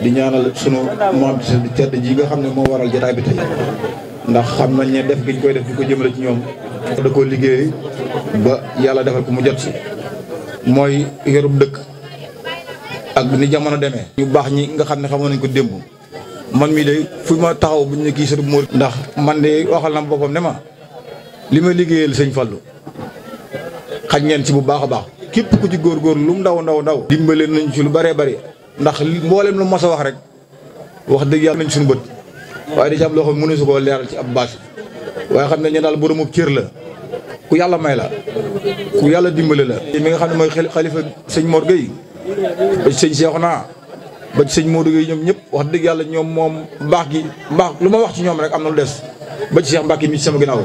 di ñaanal sunu moom bi tedd ji nga xam ne moo waral jotaay bi tey ndax xam nañ ne def gi ñu koy def di ko jëmale ci ñoom da koo liggéey ba yàlla defal ko mu jot si mooy yorub dëkk ak ni jamono deme ñu baax ñi nga xam ne xam xamoon nañ ko démb man mii de fu ma taxaw bu ñu ne kii sëriñ Mor ndax man de waxal na boppam ne ma li ma liggéeyal sëñ Fallu xaj ngeen ci bu baax a baax képp ku ci góor lu mu ndaw ndaw ndaw dimbaleen nañ ci lu bëree bëri ndax mboolem lu ma sa wax rek wax dëgg yàlla nañ suñu bët waaye da ci am koo leeral ci ab bâche waaye xam ne ñu daal boroomu la ku yàlla may la ku yàlla dimbale la. mi nga xam ne mooy xalifa sëñ Mor Gueye ba ci sëñ Cheikhouna ba sëñ Modou Gueye ñoom ñëpp wax dëgg yàlla ñoom moom mbaax gi mbaax lu ma wax ci ñoom rek am na lu des ba ci Cheikh Mbacke mi ci sama ginnaaw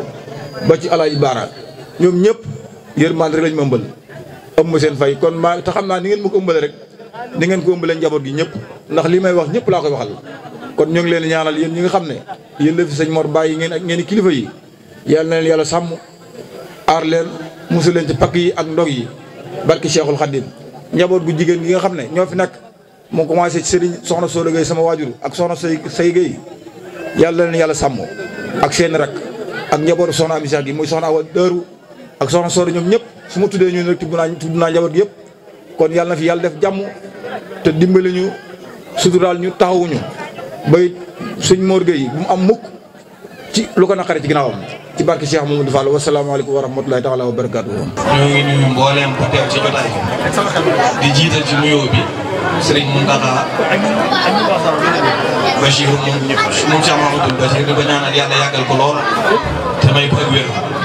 ba ci Alaaji Baara ñoom ñëpp yërmande rek lañ ma ëmbal ëmb seen fay kon maa te naa ni ngeen ma ko ëmbale rek. ni ngeen ko ëmbalee njaboot gi ñëpp ndax li may wax ñëpp laa koy waxal kon ñoo ngi leen ñaanal yéen ñi nga xam ne yéen la fi Mor bàyyi ngeen ak ngeen i kilifa yi yàlla na leen yàlla sàmm aar leen musu leen ci pakk yi ak ndog yi barki Cheikhul Khadim njaboot gu jigéen gi nga xam ne ñoo fi nekk moo commencé ci soxna Soda Gueye sama waajur ak soxna Sey Sey Gueye yàlla na yàlla sàmm ak seen rak ak njabootu soxna Amisa gi muy soxna Awa Dëru ak soxna soo ñoom ñëpp su ma tuddee ñun rek tudd naa tudd naa njaboot gi yëpp kon yàlla na fi yàlla def jàmm te dimbali ñu suturaal ñu taxawuñu bay suñ morgue yi bu mu am mukk ci lu ko naqare ci ginnaawam ci barke Cheikh Mamadou Fall wasalaamaaleykum wa rahmatulahi taala wa barakaatu. ñoo ngi nuyu mbooleem ku teew ci jotaay di jiital ci nuyoo bi Serigne Mountakha Bachir moom moom Cheikh Mamadou Bachir di ko ñaanal yàggal ko lool te may ko ak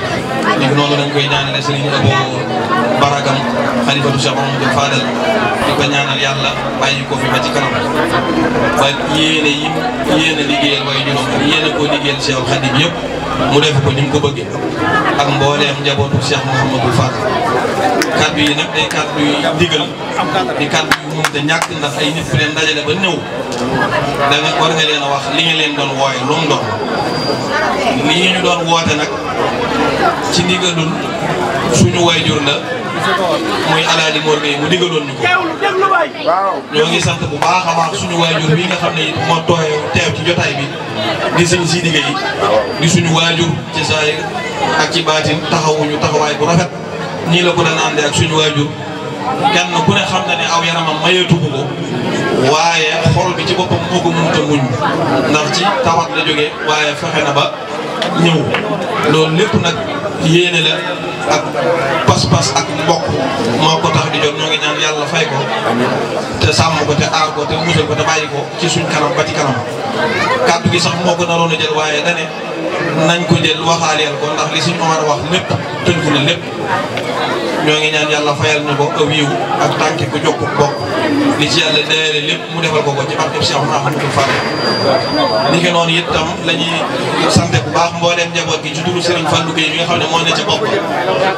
def noonu dañ koy ñaanale sëriñ Abo Barakam xalifatu Cheikh Mamadou Fadal di ko ñaanal yàlla bàyyi ko fi ba ci yéene yi yéene liggéeyal way juróom ak yéene koo liggéeyal Cheikh Khadim yëpp mu def ko ni mu ko bëggee ak mbooleem njabootu Cheikh Mouhamadou Fadal kaddu yi nag day kat yu digal di kaddu yu mënta ñàkk ndax ay nit ku leen dajale ba néew da nga war leen a wax li nga leen doon wooy lu mu doon lii ñu doon woote nag ci ndigalul suñu waajur la muy alaaji Mor Gueye mu digaloon ñu ko ñoo ngi sant bu baax a baax suñu waajur bi nga xam ne it moo tooy teew ci jotaay bi di sëñ si liggéey yi di suñu waajur ci saayir ak ci baatin taxawuñu taxawaay bu rafet nii la ko daan àndee ak suñu waajur kenn ku ne xam na ne aw yaramam mayeetu ko waaye xol bi ci boppam moo ko mënut a muñ ndax ci tawat la jógee waaye fexe na ba ñëw loolu lépp nag yéene la ak pas-pas ak mbokk moo ko tax di jot ñoo ngi ñaan yàlla fay ko te sàmm ko te aar ko te musal ko te bàyyi ko ci suñ kanam ba ci kanam kàddu gi sax moo ko naroon a jël waaye dane nañ ko jël waxaaleel ko ndax li suñ Omar wax lépp tënku na lépp ñoo ngi ñaan yàlla fayal nu ko aw yiw ak tànki ku jokk bokk li ci yàlla dayale lépp mu defal ko ko ci barkeb Cheikh Mouhamadou Fall ni ko noonu la ñuy baax mbooleem njaboot gi ci turu Serigne Fallou Gueye mi nga xam ne moo ne ci bopp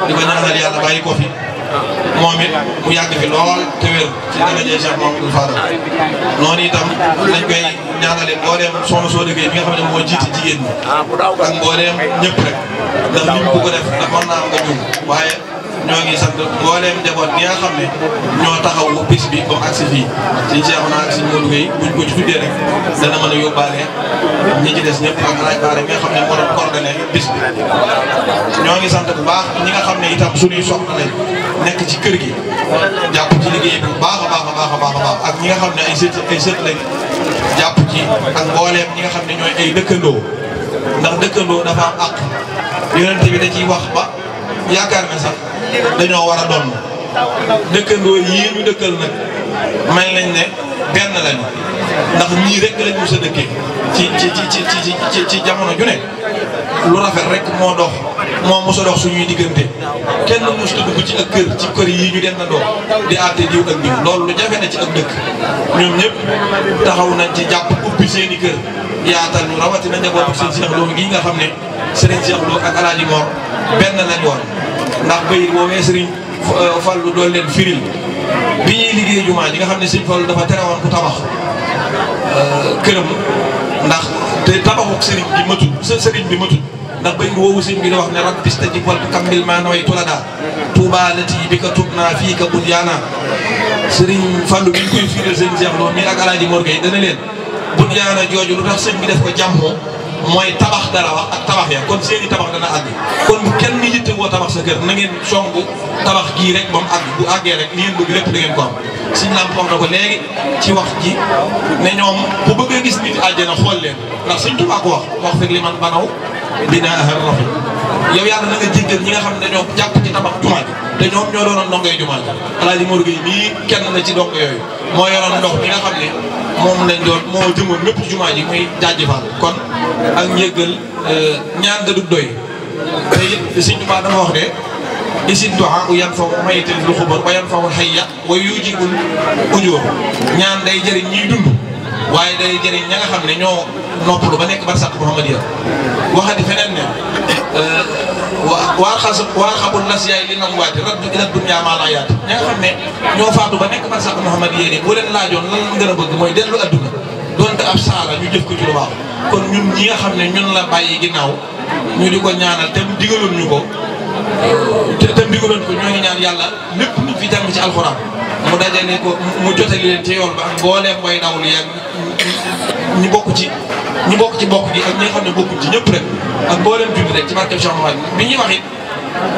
di ko ñaanal yàlla bàyyi ko fi moom it mu yàgg fi lool te ci daraja Cheikh Mouhamadou Fall noonu itam lañ koy ñaanale mbooleem soxna Soda Gueye mi nga xam ne moo jiiti jigéen ñi ak mbooleem ñëpp rek ndax ñun ku ko def ndax mën naa nga jum waaye ñoo ngi sant mbooleem njaboot gi nga xam ne ñoo taxaw bis bi ba agsi fii suñ seexu naa ak suñ Modou Gueye buñ ñi ci des ñëpp ak laaj baare nga xam ñoo ngi sant bu baax ñi nga xam ne itam suñuy soxna lañ nekk ci kër gi jàpp ci liggéey bu baax a baax a baax ak ñi nga xam ne ay sët ay sët lañ jàpp ci ak mbooleem ñi nga xam ne ñooy ay dëkkandoo ndax dëkkandoo dafa am àq yonente bi da ciy wax ba yaakaar ma sax dañoo war a doon dëkkandoo yii ñu dëkkal nag may lañ ne benn lañu ndax ñii rek lañ mos a dëkkee ci ci ci ci ci ci jamono ju ne lu rafet rek moo dox moo mos dox suñuy diggante kenn mosut a ci ak kër ci kër yii ñu dem na doom di àtte diw ak diw loolu lu jafe na ci ak dëkk ñoom ñëpp taxaw na ci jàpp ubbi seeni kër yaatal ñu rawatina njaboot ak seen Cheikh Lo gi nga xam ne Serigne Cheikh Lo ak El Hadj benn lañ woon ndax bayit woowee sëriñ euh, fallu doon leen firil bi ñuy liggéey jumaa ji nga xam ne sëriñ fallu dafa tere woon ku tabax euh, këram ndax te tabaxuk sëriñ bi matut sëriñ bi matut ndax bayit woowu sëriñ bi da wax ne rabbi stajib wal tukammil maa nawaytu ladaa tuubaa latii bika tubnaa fii ka bunyaanaa sëriñ fallu bi ñu koy firil sëriñ Cheikh Lo mi ak alaaji Mor Gueye dana leen bunyaana jooju lu tax sëriñ bi def ko jàmmoo mooy tabax dara wax ak tabax ya kon seeni tabax dana àgg kon kenn ni yitte tabax sa kër na ngeen song tabax gii rek ba mu àgg bu àggee rek ngeen bëgg lépp da ngeen ko am suñ lam wax na ko léegi ci wax ji ne ñoom bu bëgg a gis nit àjjana xool leen ndax suñ tubaa ko wax wax fekk li man banaw binaa ahar rafi yow yàlla na nga jéggal ñi nga xam ne dañoo jàpp ci tabax jumaa ji te ñoom ñoo doonoon ndongoy jumaa ji alaaji Mor Gueye nii kenn na ci ndongo yooyu moo yoroon ndox mi nga xam ne moom lañ doon moo ñëpp jumaa ji muy jaajëfal kon ak njëggal euh, ñaan da du doy te it Sëñ Tuubaa dafa wax ne isin doxa u yan faw mayitel lu xubar ba yan faw xayya way yu jigul uñóor ñaan day jëriñ ñiy dund waaye day jëriñ ña nga xam ne ñoo noppalu ba nekk bar sàq Muhammad ya waxati feneen ne euh, waa xas waa xamul nas yaay li nam waati raddu ila dunya maa laa yaati ñi nga xam ne ñoo faatu ba nekk barsax Muhammad yéene boo leen laajoon lan ngën a bëgg mooy dellu adduna donte ab saala ñu jëf ko ci nga xam ne ñun la bàyyi ginnaaw ñu di ko ñaanal te digaloon ñu ko te te digaloon ko ngi ñaan yàlla lépp luñ fi jàng ci alxuraan mu dajale ko mu jotali leen ci yoon ba ak mbooleem mooy nawlu yaag ñu bokk ci ñu bokk ci bokk gi ak ñi nga xam ne bokkuñ ci ñëpp rek ak mboolem julli rek ci barkeb Cheikh Mouhamed bi ñuy wax it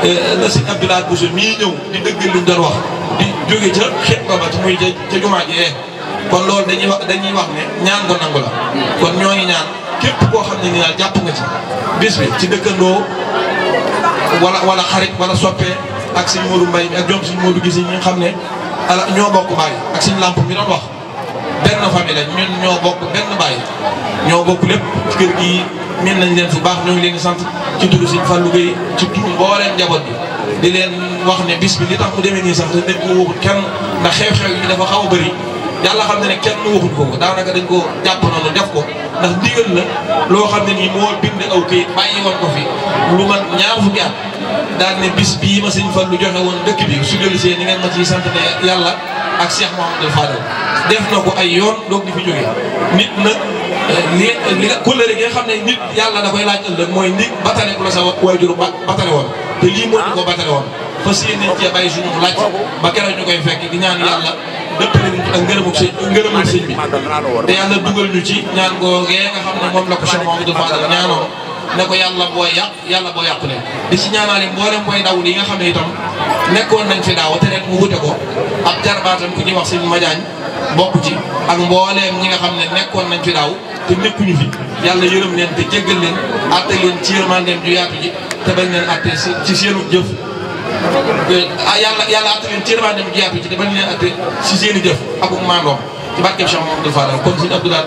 euh, la sëñ Abdoulaye Bousso mii ñëw di dëgg luñ doon wax di jóge ca xet ba ba ci muy ca eh. loolu dañuy wax dañuy wax ne ñaan ko nangu ñoo ngi ñaan képp koo xam ne jàpp nga ci bis bi ci dëkkandoo wala wala xarit wala soppe ak sëñ Modou Mbaye mi ak ñoom sëñ Modou gis xam ne ala ñoo bokk bàyyi ak sëñ làmp mi doon wax benn famille la ñun ñoo bokk benn bàyyi ñoo bokk lépp kër gi min nañ leen fu baax ñoo ngi leen sant ci turu Sëñ Fallou Gueye ci turu mbooleem njaboot bi di leen wax ne bis bi li tax mu demee nii sax dañ ko ndax xew-xew yi xaw a bëri yàlla xam ne ne kenn waxut ko daanaka dañ ko jàpp noonu def ko ndax ndigal loo xam ne nii moo bind aw kayit bàyyi woon ko fi lu mat ñaar fukki at daan ne bis bii ma Sëñ lu joxe woon dëkk bi su dellusee ni ngeen ma sant ne yàlla ak Cheikh Mouhamadou Fadal def na ko ay yoon doog di fi jógee nit nag li eh, nga kóllëre gi xam ne nit yàlla da koy laaj ëllëg mooy nit batale ko la sa waajur ba batale woon te lii moo ko batale woon fas yéene cee bàyyi suñu laaj ba keroog ñu koy fekk di ñaan yàlla dëppale ñu ak ngërëmu sëñ ngërëmu sëñ bi te yàlla dugal ñu ci ñaan googee nga xam ne moom la ko Cheikh Mouhamadou Fadal ñaanoon ne ko yàlla boo yàq yàlla boo ne di ci ñaanaale mboolem mooy ndaw li nga xam ne itam nekkoon nañ fi daaw te rek ko ab jarbaatam ku ñuy wax sëñ Madiagne bokk ci ak mbooleem ñi nga xam ne nekkoon nañ fi daaw te nekkuñu fi yàlla yërëm leen te jéggal leen àtte leen ci yërmandeem ju yaatu ji te bañ leen àtte ci seenu jëf euh, ah, yàlla yàlla àtte leen ci yërmandeem ju yaatu ji te bañ leen àtte ci seeni jëf akum maandoom ci barkeeb Cheikh Mamadou Fadal comme suñu ëpp daal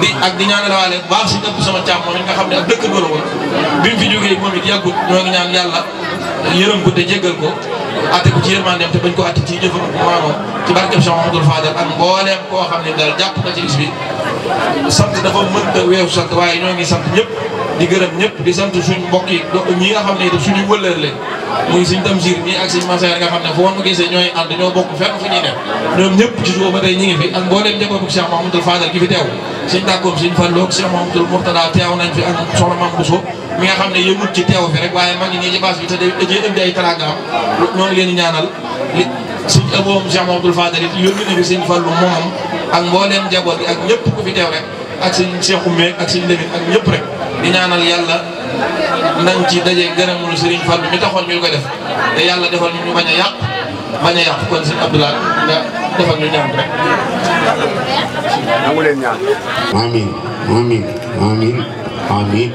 di ak di ñaanal waale baax suñu ëpp sama càmm moom it nga xam ne ak dëkk bi la woon bi mu fi jógee moom it yàggut ñoo ngi ñaan yàlla yërëm ko te jéggal ko atte ko ci yërmandeem te bañ ko atte ci jëfam maanoom ci barkeeb Cheikh Mamadou Fadal ak mbooleem koo xam ne daal jàpp na ci bis bi sant dafa mënta weesu sant waaye ñoo ngi sant ñëpp di gërëm ñëpp di sant suñ mbokk yi ñi nga xam ne itam suñu wëllër leen muy suñ Tamsir mii ak suñ Massaer nga xam ne foo ma gisee ñoo bokk fenn fu ñuy dem gi fi teew suñ tàkkoom suñ Falloog Cheikh Mouhamadoul Mourtada teew nañ fi ak soxna Mame Bousso ci teew fi rek waaye mag ñi nii ci bâche bi ñoo ngi leen di ñaanal li suñ aboom Cheikh Mouhamadoul Fadal it yónni na fi ak mbooleem njaboot gi ak ñëpp ku fi teew rek ak suñ Cheikh Oumy ak suñ Lamine ak ñëpp rek di ñaanal yàlla nañ ci daje gërëmul Serigne Fall mi taxoon ñu ko def te yàlla defal ñu bañ a yàq bañ a yàq kon Serigne Abdoulaye nga defal ñu ñaan rek. nangu leen ñaan. amiin amiin amiin amiin.